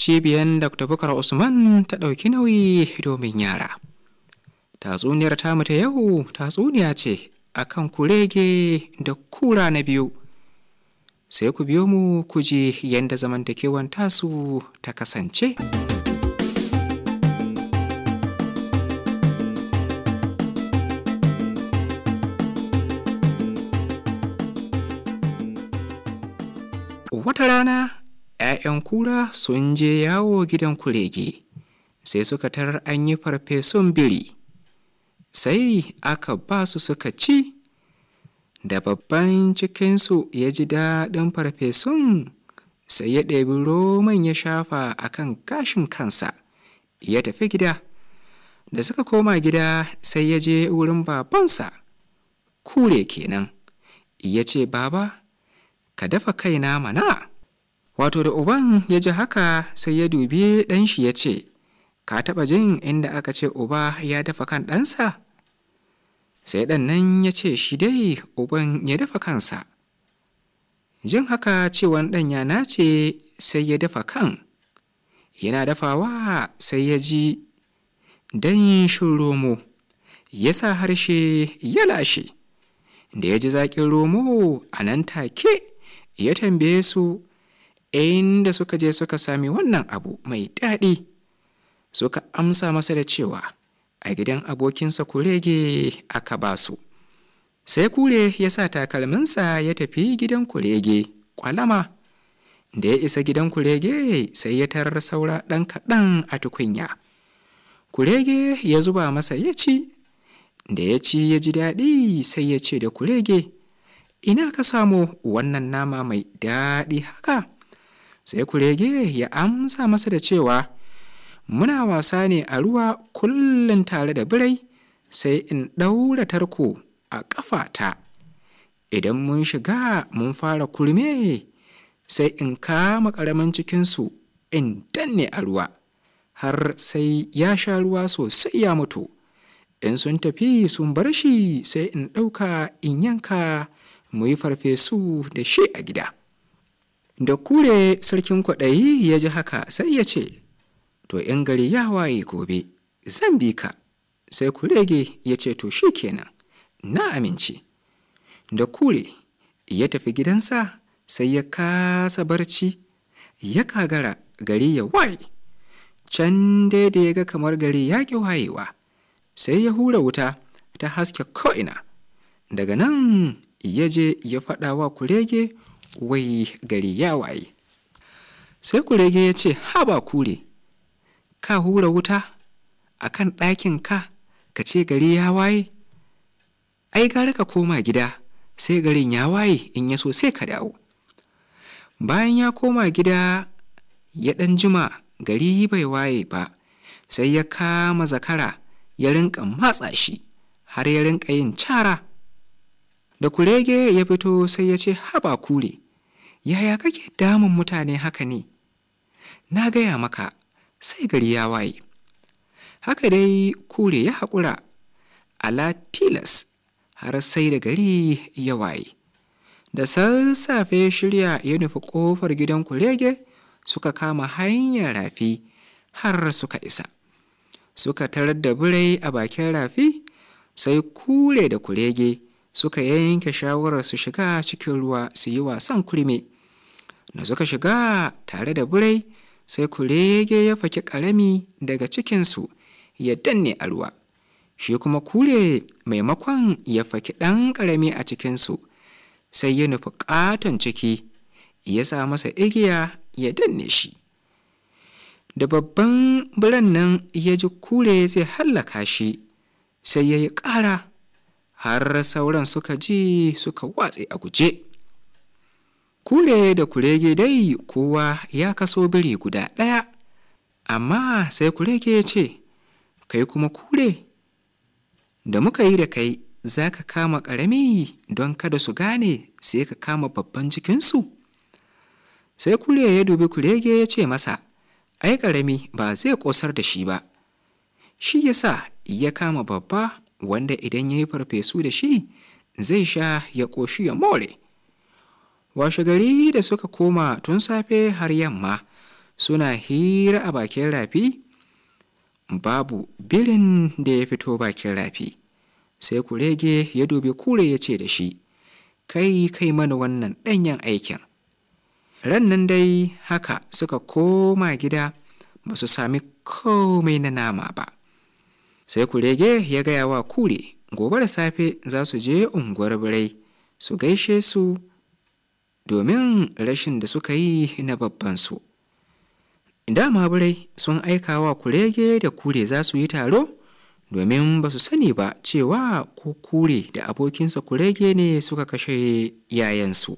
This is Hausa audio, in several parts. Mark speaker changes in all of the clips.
Speaker 1: cibiyar dr bukar usman ta ɗauki nauyi domin yara tatsuniyar tamu ta yau tatsuniya ce akan kurege da kura na biyu sai ku biyo mu ku ji yadda zamantakewan tasu ta kasance wata rana 'ya'yan kura sun je yawo gidan kurege sai suka tarar an yi farfesun biri sai aka ba su suka ci da babban cikinsu ya ji daɗin farfesun sai ya ɗabi roman ya shafa a kan gashin kansa ya tafi gida da suka koma gida sai ya je wurin babansa kure kenan ya ce baba ka dafa kaina mana wato da uban ya ji haka sai ya dubi ɗan shi ya ce ka taɓa jin inda aka ce uba ya dafa kan ɗansa sai ɗan nan ya ce shi dai uban ya dafa kansa jin haka cewan ɗan ya nace sai ya dafa kan yana dafawa sai ya ji danshin romo ya sa harshe ya lashe da ya ji zaƙin romo a nan take ya tambaye su inda suka je suka sami wannan abu mai daɗi suka amsa masa da cewa a gidan abokinsa kurege aka ba su sai kure ya sa takalminsa ya tafi gidan kurege kwalama da ya isa gidan kurege sai ya tarar saura ɗan kaɗan a tukunya kurege ya zuba masa ya ci da ya ci ya ji daɗi sai ya ce da kurege ina ka samu wannan nama mai daɗi haka sai kurege ya amsa masa da cewa muna wasa ne a ruwa kullum tare da birai sai in ɗaura tarko a ƙafata idan mun shiga mun fara kurme sai in kama ƙaramin cikinsu in danne a ruwa har sai ya sha ruwa sosai ya mutu in sun tafi sun bar shi sai in ɗauka in yanka mu yi farfesu da shi a gida da kure sarkin kwaɗayi ya ji haka sai ya ce to in gari ya waye gobe zan bi ka sai kurege ya ce to shi kenan na amince da kure ya tafi gidansa sai ya kasa barci ya kagara gari ya waye can dai da ya ga kamar gari ya ƙi wayewa sai ya hura wuta ta haske ko'ina daga nan ya je ya faɗa wa kurege wai gari ya waye sai kurege ya ce ha ba kure ka hura wuta a kan ɗakin ka ka ce gari ya waye ai gari ka koma gida sai garin ya waye in ya so sai ka dawo bayan ya koma gida ya ɗan jima gari bai waye ba sai ya kama zakara ya rinka matsa shi har ya rinka yin cara da kurege ya fito sai ya ce haba kure yaya kake damun mutane haka ne na gaya maka sai gari ya waye haka dai kure ya haƙura ala tilas har sai da gari ya waye da sassafe shirya ya nufi ƙofar gidan kurege suka kama hanyar rafi har suka isa suka tarar da birai a bakin rafi sai kure da kurege suka yanke shawarar su shiga cikin ruwa su yi wasan kurme da suka shiga tare da birai sai kurege ya faki ƙarami daga cikinsu ya danne a ruwa shi kuma kure maimakon ya faki ɗan ƙarami a cikinsu sai ya nufi ƙaton ciki ya sa masa igiya ya danne shi da babban biran nan ya ji kure zai hallaka shi sai ya yi ƙara har sauran suka ji suka watse a guje kure da kurege dai kowa ya kaso biri guda ɗaya amma sai kurege ya ce kai kuma kure da muka yi da kai za ka kama ƙarami don kada su gane sai ka kama babban jikinsu sai kure ya dubi kurege ya ce masa ai ƙarami ba zai ƙosar da shi ba shi yasa ya kama babba wanda idan ya yi farfesu da shi zai sha ya ƙoshi ya more washe gari da suka koma tun safe har yamma suna hira a bakin rafi babu birin da ya fito bakin rafi sai kurege ya dubi kure ya ce da shi kai kai mana wannan ɗanyen aikin rannan dai haka suka koma gida ba su sami komai na nama ba sai kurege ya gaya wa kure gobe da safe za su je unguwar birai su gaishe su domin rashin da suka yi na babban babbansu dama birai sun aika wa kurege da kure za su yi taro domin ba su sani ba cewa ko kure da abokinsa kurege ne suka kashe yayansu.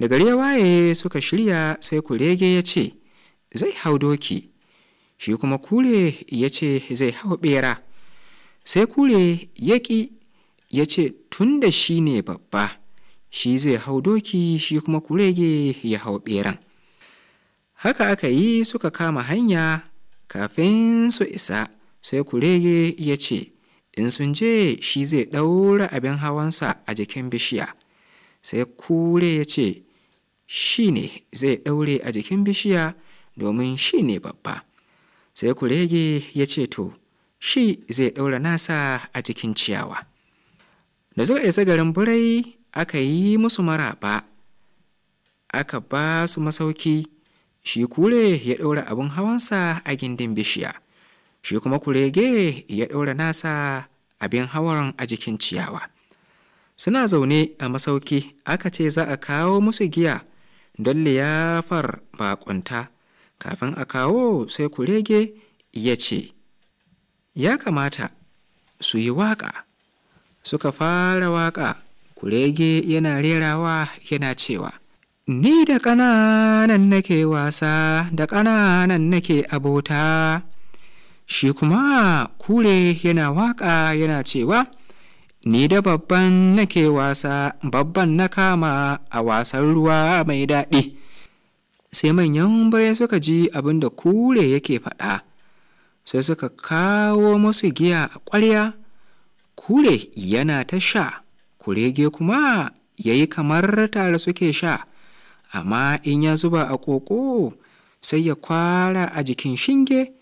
Speaker 1: da gari ya waye suka shirya sai kurege ya ce zai hau doki shi kuma kure ya ce zai hau bera sai kure ya ƙi ya ce tun da shi ne babba shi zai hau doki shi kuma kurege ya hau beran haka aka yi suka kama hanya kafin su isa sai kurege ya ce in sun je shi zai ɗaura abin hawansa a jikin bishiya sai kure ya ce shi ne zai ɗaure a jikin bishiya domin shi ne babba sai kurege ya ce to shi zai ɗaura nasa a jikin ciyawa da suka isa garin birai aka yi musu maraba aka ba su masauki shi kure ya ɗaura abin hawansa a gindin bishiya shi kuma kurege ya ɗaura nasa abin hawan a jikin ciyawa suna zaune a masauki aka ce za a kawo musu giya don liyafar baƙunta kafin a kawo sai ku rege ya ce ya kamata su yi waƙa suka fara waƙa kurege yana rerawa yana cewa ni da ƙananan nake wasa da ƙananan nake abota shi kuma kure yana waƙa yana cewa Ni da babban nake wasa, babban na kama a wasan ruwa mai daɗi. Sai manyan bare suka ji abin da kure yake faɗa, sai suka kawo musu giya a ƙwarya, kure yana ta sha, kurege kuma ya yi kamar tare suke sha, amma in ya zuba a ƙoƙo sai ya kwara a jikin shinge,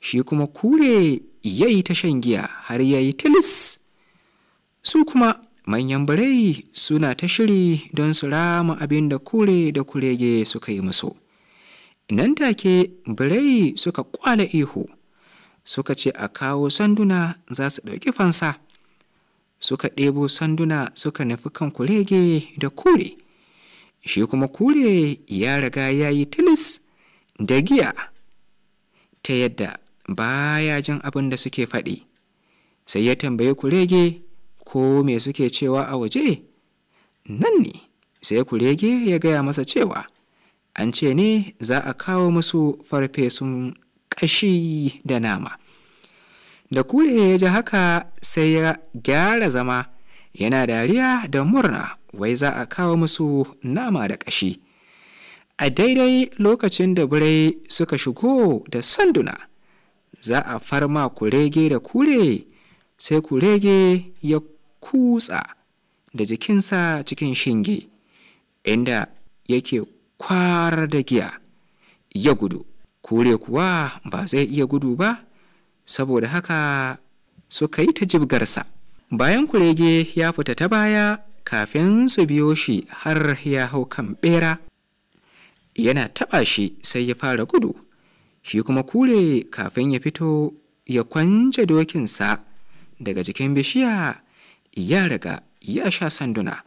Speaker 1: shi kuma kure ya yi ta shan giya har ya yi tilis. su kuma manyan birayi suna ta shiri don su rama abin da kure da kurege suka yi musu nan take birayi suka kwala ihu suka ce a kawo sanduna za su ɗauki fansa suka ɗebo sanduna suka nufi kan kurege da kure shi kuma kure ya riga ya yi tilis da giya ta yadda baya jin abin da suke faɗi sai ya tambayi kurege ko me suke cewa a waje nan ne sai kurege ya gaya masa cewa an ce ne za a kawo musu farfesun kashi da nama da kure ya ji haka sai ya gyara zama yana dariya da murna wai za a kawo musu nama da kashi. a daidai lokacin da birai suka shigo da sanduna za a farma kurege da kure sai kurege ya kutsa da jikinsa cikin shinge inda yake kwarar da giya ya gudu kure kuwa ba zai iya gudu ba saboda haka suka yi ta jibgarsa bayan kurege ya fita ta baya kafin su biyo shi har ya hau kan bera yana taɓa shi sai ya fara gudu shi kuma kure kafin ya fito ya kwance dokinsa daga jikin bishiya ya riga ya sha sanduna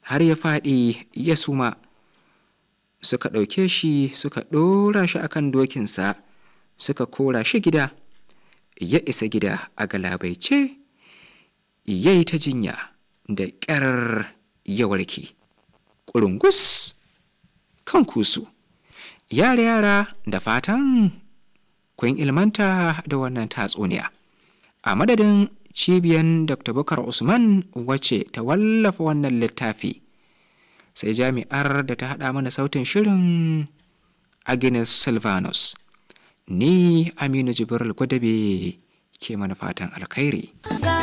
Speaker 1: har ya faɗi ya suma suka ɗauke shi suka ɗora shi akan dokinsa suka kora shi gida ya isa gida a galabaice ya ta jinya da ƙyar ya warke ƙurungus kan kusu yara yara da fatan kun ilmanta da wannan tatsuniya a madadin cibiyan dr bukar usman wacce ta wallafa wannan littafi sai jami'ar da ta haɗa mana sautin shirin agnes silvanus ni aminu jibril gwadabe ke mana fatan alkhairi